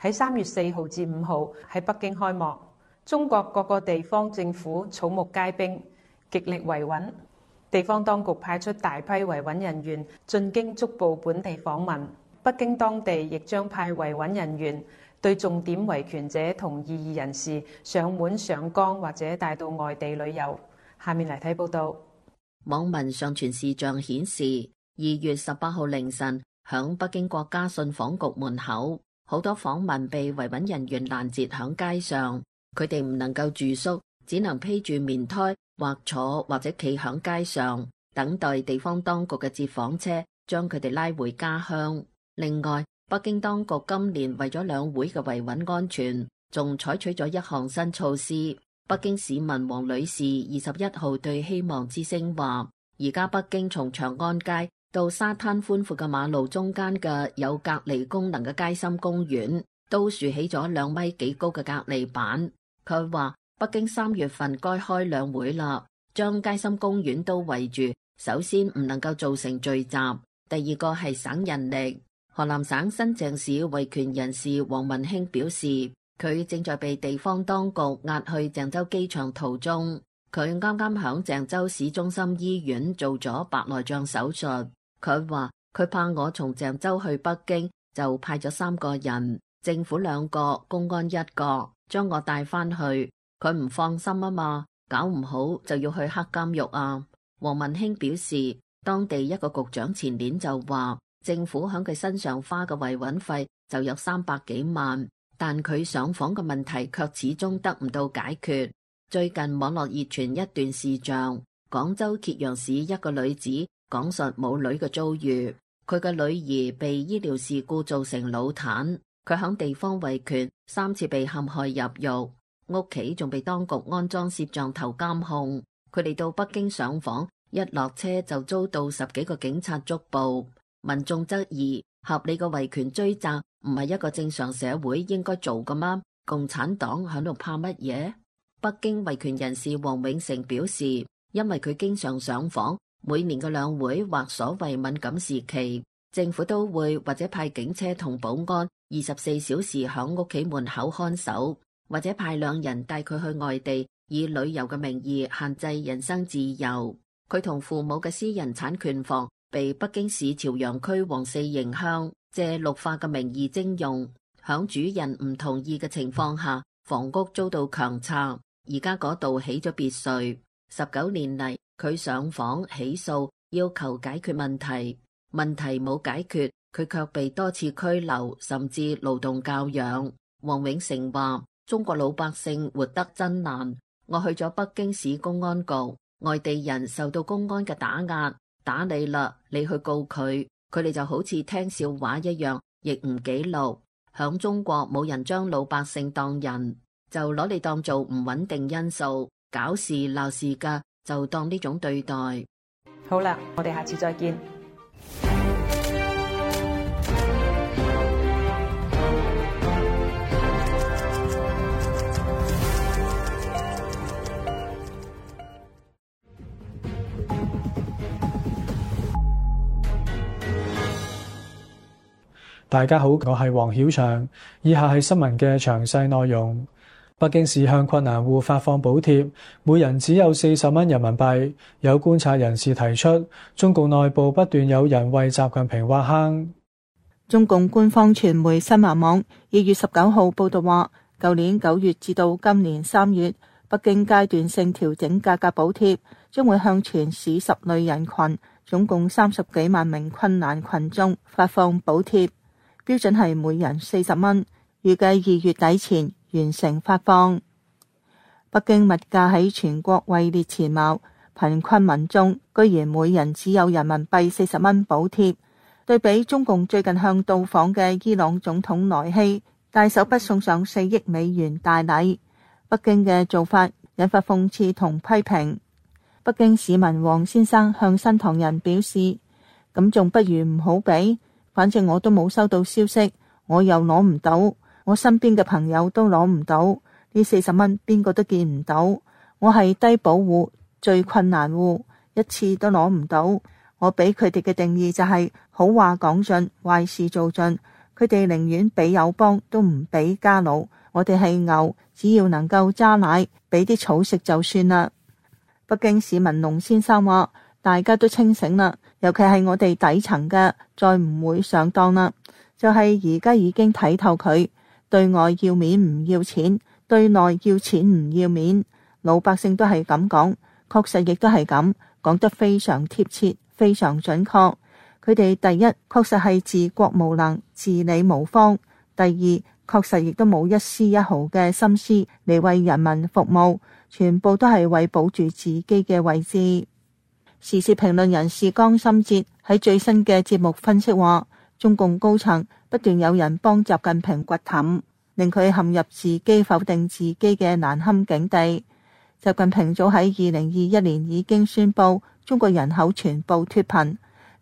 喺三月四號至五號喺北京開幕，中國各個地方政府草木皆兵，極力維穩。地方當局派出大批維穩人員進京捉捕本地訪民，北京當地亦將派維穩人員對重點維權者同異議人士上門上崗或者帶到外地旅遊。下面嚟睇報道。網民上傳視像顯示，二月十八號凌晨響北京國家信訪局門口。好多訪民被維穩人員攔截喺街上，佢哋唔能夠住宿，只能披住棉胎或坐或者企喺街上，等待地方當局嘅接訪車將佢哋拉回家鄉。另外，北京當局今年為咗兩會嘅維穩安全，仲採取咗一項新措施。北京市民王女士二十一號對希望之聲話：而家北京從長安街到沙灘寬闊嘅馬路中間嘅有隔離功能嘅街心公園，都豎起咗兩米幾高嘅隔離板。佢話北京三月份該開兩會啦，將街心公園都圍住。首先唔能夠造成聚集，第二個係省人力。河南省新鄭市維權人士王文興表示，佢正在被地方當局押去鄭州機場途中。佢啱啱響鄭州市中心醫院做咗白內障手術。佢話佢怕我從鄭州去北京，就派咗三個人，政府兩個，公安一個，將我帶翻去。佢唔放心啊嘛，搞唔好就要去黑監獄啊。黃文興表示，當地一個局長前年就話，政府響佢身上花嘅維穩費就有三百幾萬，但佢上訪嘅問題卻始終得唔到解決。最近網絡熱傳一段視像，廣州揭陽市一個女子。講述母女嘅遭遇，佢嘅女兒被醫療事故造成腦癱，佢響地方維權三次被陷害入獄，屋企仲被當局安裝攝像頭監控。佢哋到北京上訪，一落車就遭到十幾個警察捉捕。民眾質疑合理嘅維權追責唔係一個正常社會應該做嘅嗎？共產黨響度怕乜嘢？北京維權人士王永成表示，因為佢經常上訪。每年嘅兩會或所謂敏感時期，政府都會或者派警車同保安二十四小時響屋企門口看守，或者派兩人帶佢去外地，以旅遊嘅名義限制人身自由。佢同父母嘅私人產權房被北京市朝陽區黃四營鄉借綠化嘅名義徵用，響主人唔同意嘅情況下，房屋遭到強拆。而家嗰度起咗別墅。十九年嚟，佢上訪起訴，要求解決問題。問題冇解決，佢卻被多次拘留，甚至勞動教養。王永成話：中國老百姓活得真難。我去咗北京市公安局，外地人受到公安嘅打壓，打你啦，你去告佢，佢哋就好似聽笑話一樣，亦唔記錄。響中國冇人將老百姓當人，就攞你當做唔穩定因素。搞事鬧事噶就當呢種對待。好啦，我哋下次再見。大家好，我係黃曉祥。以下係新聞嘅詳細內容。北京市向困難戶發放補貼，每人只有四十蚊人民幣。有觀察人士提出，中共內部不斷有人為習近平挖坑。中共官方傳媒新華網二月十九號報道話，舊年九月至到今年三月，北京階段性調整價格補貼，將會向全市十類人群，總共三十幾萬名困難群眾發放補貼，標準係每人四十蚊，預計二月底前，完成發放，北京物價喺全國位列前茅，貧困民眾居然每人只有人民幣四十蚊補貼。對比中共最近向到訪嘅伊朗總統萊希大手筆送上四億美元大禮，北京嘅做法引發諷刺同批評。北京市民王先生向新唐人表示：咁仲不如唔好俾，反正我都冇收到消息，我又攞唔到。我身邊嘅朋友都攞唔到呢四十蚊，邊個都見唔到。我係低保戶，最困難戶，一次都攞唔到。我俾佢哋嘅定義就係、是、好話講盡，壞事做盡。佢哋寧願俾友邦都唔俾家奴。我哋係牛，只要能夠揸奶，俾啲草食就算啦。北京市民龍先生話：大家都清醒啦，尤其係我哋底層嘅，再唔會上當啦。就係而家已經睇透佢。對外要面唔要錢，對內要錢唔要面，老百姓都係咁講，確實亦都係咁。講得非常貼切、非常準確。佢哋第一確實係治國無能、治理無方；第二確實亦都冇一絲一毫嘅心思嚟為人民服務，全部都係為保住自己嘅位置。時事評論人士江心哲喺最新嘅節目分析話，中共高層。不斷有人幫習近平掘氹，令佢陷入自己否定自己嘅難堪境地。習近平早喺二零二一年已經宣布中國人口全部脫貧，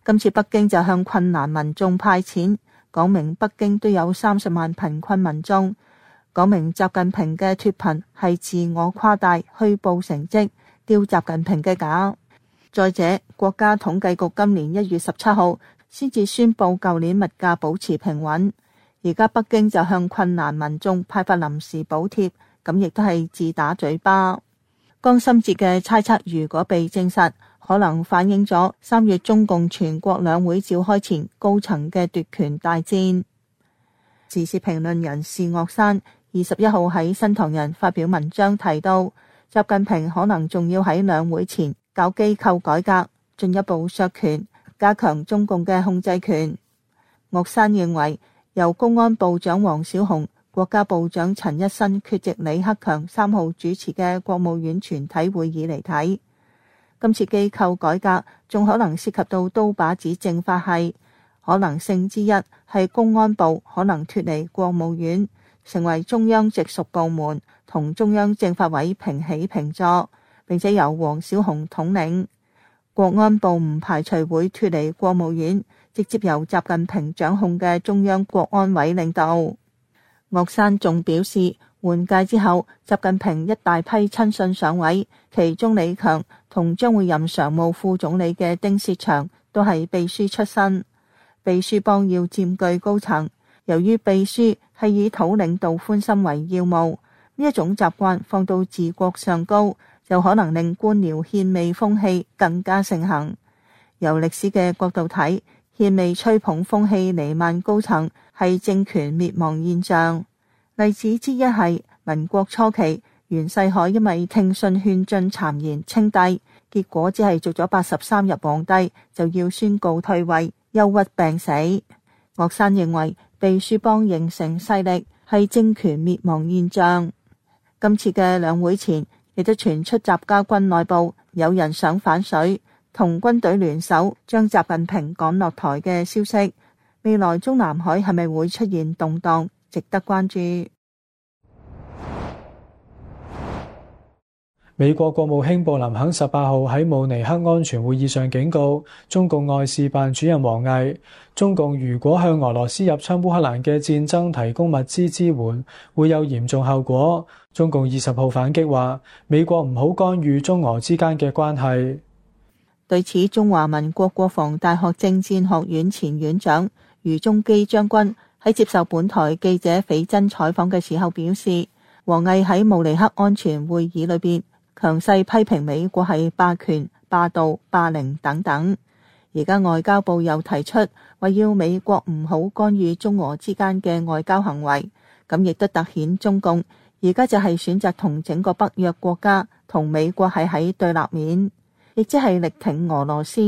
今次北京就向困難民眾派錢，講明北京都有三十萬貧困民眾，講明習近平嘅脫貧係自我誇大、虛報成績，丟習近平嘅架。再者，國家統計局今年一月十七號，先至宣布舊年物價保持平穩，而家北京就向困難民眾派發臨時補貼，咁亦都係自打嘴巴。江心哲嘅猜測如果被證實，可能反映咗三月中共全國兩會召開前，高層嘅奪權大戰。時事評論人士岳山二十一號喺《新唐人》發表文章提到，習近平可能仲要喺兩會前搞機構改革，進一步削權。加強中共嘅控制權，岳山認為由公安部長王小洪、國家部長陳一新缺席李克強三號主持嘅國務院全體會議嚟睇，今次機構改革仲可能涉及到刀把子政法系，可能性之一係公安部可能脫離國務院，成為中央直屬部門同中央政法委平起平坐，並且由王小洪統領。國安部唔排除會脫離國務院，直接由習近平掌控嘅中央國安委領導。岳山仲表示，換屆之後，習近平一大批親信上位，其中李強同將會任常務副總理嘅丁薛祥都係秘書出身。秘書幫要佔據高層，由於秘書係以討領導歡心為要務，呢一種習慣放到治國上高。就可能令官僚獻媚風氣更加盛行。由歷史嘅角度睇，獻媚吹捧風氣彌漫高層，係政權滅亡現象。例子之一係民國初期袁世凱因為聽信勸進讒言稱帝，結果只係做咗八十三日皇帝，就要宣告退位，憂鬱病死。岳山認為秘書幫形成勢力係政權滅亡現象。今次嘅兩會前，亦都傳出習家軍內部有人想反水，同軍隊聯手將習近平趕落台嘅消息。未來中南海係咪會出現動盪，值得關注。美國國務卿布林肯十八號喺慕尼黑安全會議上警告中共外事辦主任王毅：中共如果向俄羅斯入侵烏克蘭嘅戰爭提供物資支援，會有嚴重後果。中共二十號反擊話，美國唔好干預中俄之間嘅關係。對此，中華民國國防大學政戰學院前院長余中基將軍喺接受本台記者斐真採訪嘅時候表示，王毅喺慕尼黑安全會議裏邊強勢批評美國係霸權、霸道、霸凌等等。而家外交部又提出，話要美國唔好干預中俄之間嘅外交行為，咁亦都凸顯中共，而家就係選擇同整個北約國家同美國係喺對立面，亦即係力挺俄羅斯。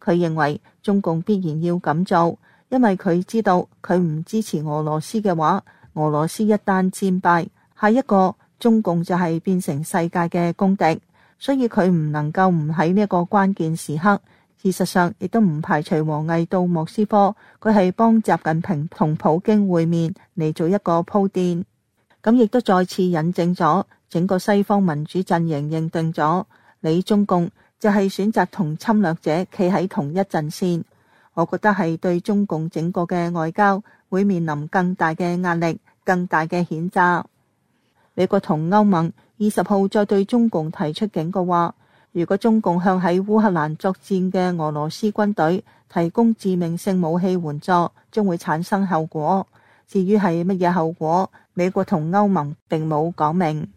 佢認為中共必然要咁做，因為佢知道佢唔支持俄羅斯嘅話，俄羅斯一旦戰敗，下一個中共就係變成世界嘅公敵，所以佢唔能夠唔喺呢一個關鍵時刻。事實上，亦都唔排除王毅到莫斯科，佢係幫習近平同普京會面嚟做一個鋪墊。咁亦都再次引證咗整個西方民主陣營認定咗你中共就係選擇同侵略者企喺同一陣線，我覺得係對中共整個嘅外交會面臨更大嘅壓力、更大嘅譴責。美國同歐盟二十號再對中共提出警告話，如果中共向喺烏克蘭作戰嘅俄羅斯軍隊提供致命性武器援助，將會產生後果。至於係乜嘢後果？美國同歐盟並冇講明，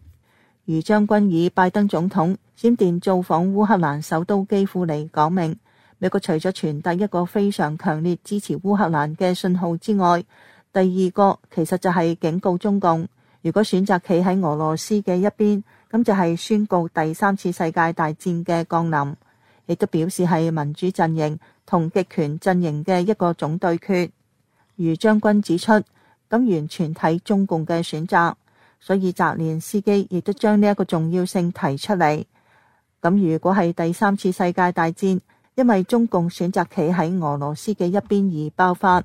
余將軍以拜登總統閃電造訪烏克蘭首都基輔嚟講明，美國除咗傳遞一個非常強烈支持烏克蘭嘅信號之外，第二個其實就係警告中共，如果選擇企喺俄羅斯嘅一邊，咁就係宣告第三次世界大戰嘅降臨，亦都表示係民主陣營同極權陣營嘅一個總對決。余將軍指出。咁完全睇中共嘅選擇，所以澤連斯基亦都將呢一個重要性提出嚟。咁如果係第三次世界大戰，因為中共選擇企喺俄羅斯嘅一邊而爆發，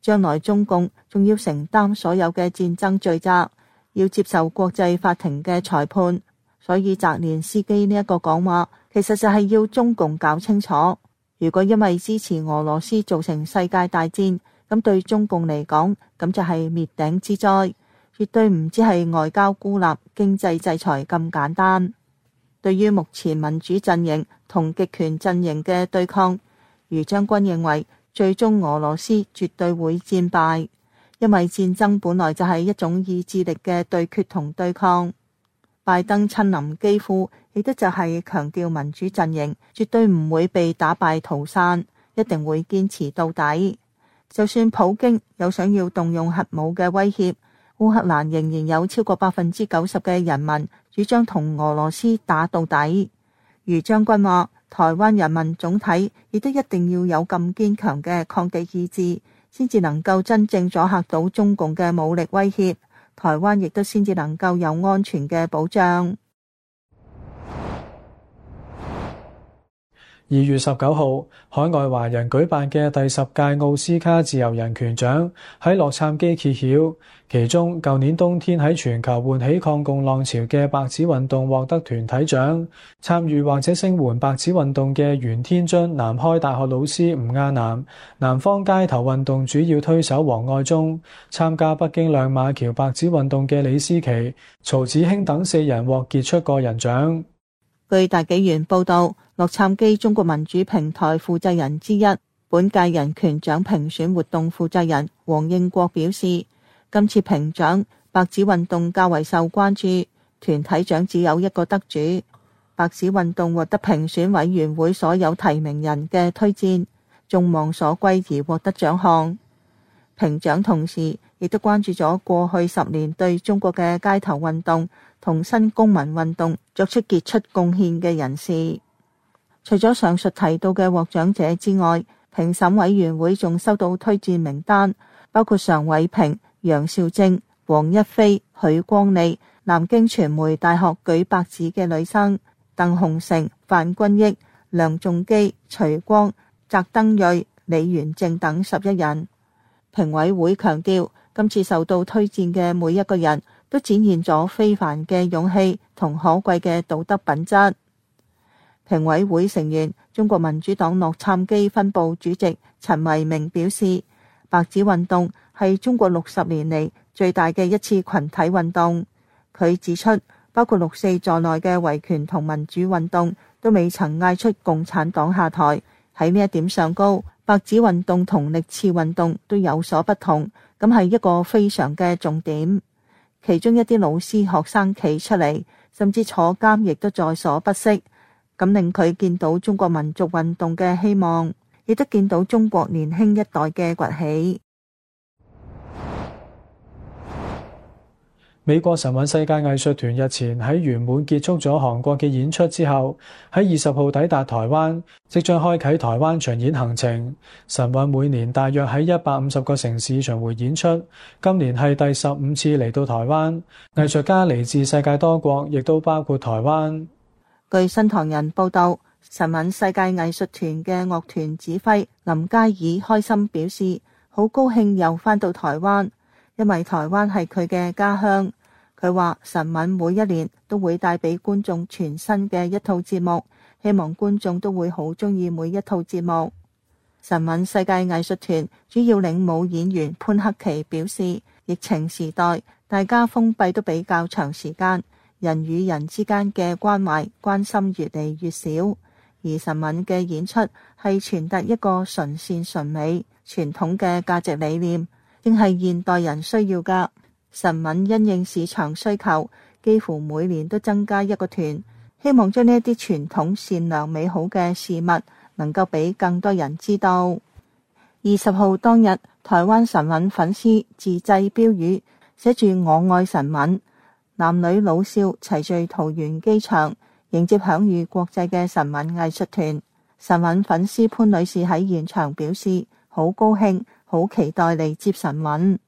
將來中共仲要承擔所有嘅戰爭罪責，要接受國際法庭嘅裁判。所以澤連斯基呢一個講話，其實就係要中共搞清楚，如果因為支持俄羅斯造成世界大戰。咁對中共嚟講，咁就係滅頂之災，絕對唔止係外交孤立、經濟制裁咁簡單。對於目前民主陣營同極權陣營嘅對抗，余將軍認為最終俄羅斯絕對會戰敗，因為戰爭本來就係一種意志力嘅對決同對抗。拜登親臨基輔，起得就係強調民主陣營絕對唔會被打敗逃散，一定會堅持到底。就算普京有想要動用核武嘅威脅，烏克蘭仍然有超過百分之九十嘅人民主張同俄羅斯打到底。余將軍話：台灣人民總體亦都一定要有咁堅強嘅抗敵意志，先至能夠真正阻嚇到中共嘅武力威脅，台灣亦都先至能夠有安全嘅保障。二月十九號，海外華人舉辦嘅第十屆奧斯卡自由人權獎喺洛杉磯揭曉。其中，舊年冬天喺全球喚起抗共浪潮嘅白紙運動獲得團體獎。參與或者聲援白紙運動嘅原天津、南開大學老師吳亞楠、南方街頭運動主要推手黃愛忠、參加北京亮馬橋白紙運動嘅李思琪、曹子興等四人獲傑出個人獎。據大紀元報道，洛杉磯中國民主平台負責人之一、本屆人權獎評選活動負責人黃應國表示，今次評獎白紙運動較為受關注，團體獎只有一個得主，白紙運動獲得評選委員會所有提名人嘅推薦，眾望所歸而獲得獎項。評獎同時亦都關注咗過去十年對中國嘅街頭運動。同新公民運動作出傑出貢獻嘅人士，除咗上述提到嘅獲獎者之外，評審委員會仲收到推薦名單，包括常偉平、楊少正、王一菲、許光利、南京傳媒大學舉白紙嘅女生、鄧洪成、范君益、梁仲基、徐光、翟登瑞、李元正等十一人。評委會強調，今次受到推薦嘅每一個人，都展現咗非凡嘅勇氣同可貴嘅道德品質。評委會成員、中國民主黨洛杉磯分部主席陳維明表示，白紙運動係中國六十年嚟最大嘅一次群體運動。佢指出，包括六四在內嘅維權同民主運動都未曾嗌出共產黨下台。喺呢一點上，高白紙運動同歷次運動都有所不同，咁係一個非常嘅重點。其中一啲老師、學生企出嚟，甚至坐監亦都在所不惜，咁令佢見到中國民族運動嘅希望，亦都見到中國年輕一代嘅崛起。美國神韻世界藝術團日前喺圓滿結束咗韓國嘅演出之後，喺二十號抵達台灣，即將開啟台灣巡演行程。神韻每年大約喺一百五十個城市巡迴演出，今年係第十五次嚟到台灣。藝術家嚟自世界多國，亦都包括台灣。據新唐人報道，神韻世界藝術團嘅樂團指揮林嘉爾開心表示：好高興又翻到台灣，因為台灣係佢嘅家鄉。佢話：神韻每一年都會帶俾觀眾全新嘅一套節目，希望觀眾都會好鍾意每一套節目。神韻世界藝術團主要領舞演員潘克奇表示：疫情時代，大家封閉都比較長時間，人與人之間嘅關懷、關心越嚟越少。而神韻嘅演出係傳達一個純善純美傳統嘅價值理念，正係現代人需要㗎。神韻因應市場需求，幾乎每年都增加一個團，希望將呢啲傳統善良美好嘅事物，能夠俾更多人知道。二十號當日，台灣神韻粉絲自製標語寫住我愛神韻，男女老少齊聚桃園機場迎接享譽國際嘅神韻藝術團。神韻粉絲潘女士喺現場表示，好高興，好期待嚟接神韻。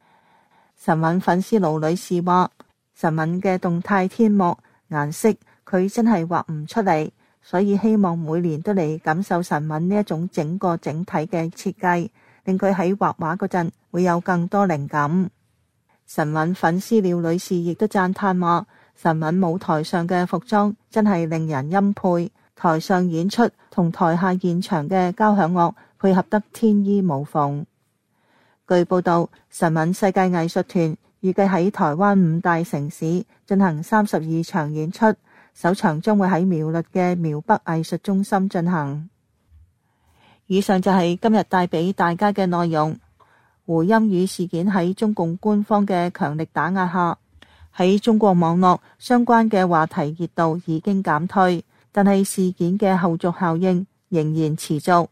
神韻粉絲盧女士話，神韻嘅動態天幕顏色，佢真係畫唔出嚟，所以希望每年都嚟感受神韻呢一種整個整體嘅設計，令佢喺畫畫嗰陣會有更多靈感。神韻粉絲廖女士亦都讚嘆話，神韻舞台上嘅服裝真係令人欽佩，台上演出同台下現場嘅交響樂配合得天衣無縫。據報道，神韻世界藝術團預計喺台灣五大城市進行三十二場演出，首場將會喺苗栗嘅苗北藝術中心進行。以上就係今日帶俾大家嘅內容。胡鑫宇事件喺中共官方嘅強力打壓下，喺中國網絡相關嘅話題熱度已經減退，但係事件嘅後續效應仍然持續。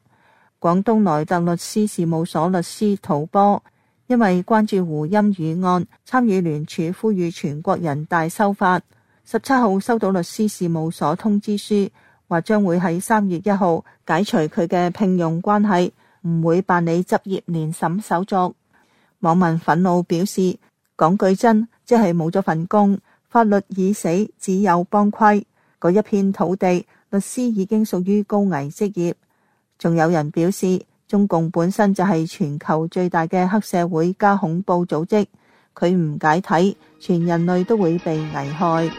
廣東萊特律師事務所律師陶波，因為關注胡鑫宇案，參與聯署呼籲全國人大修法。十七號收到律師事務所通知書，話將會喺三月一號解除佢嘅聘用關係，唔會辦理執業年審手續。網民憤怒表示：講句真，即係冇咗份工，法律已死，只有幫規。嗰一片土地，律師已經屬於高危職業。仲有人表示，中共本身就係全球最大嘅黑社會加恐怖組織，佢唔解體，全人類都會被危害。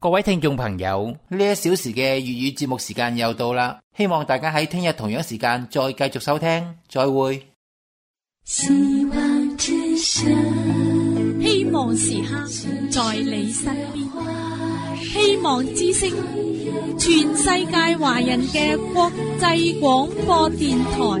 各位聽眾朋友，呢一小時嘅粵語節目時間又到啦，希望大家喺聽日同樣時間再繼續收聽，再會。希望之聲，希望時刻在你身邊，希望之聲，全世界華人嘅國際廣播電台。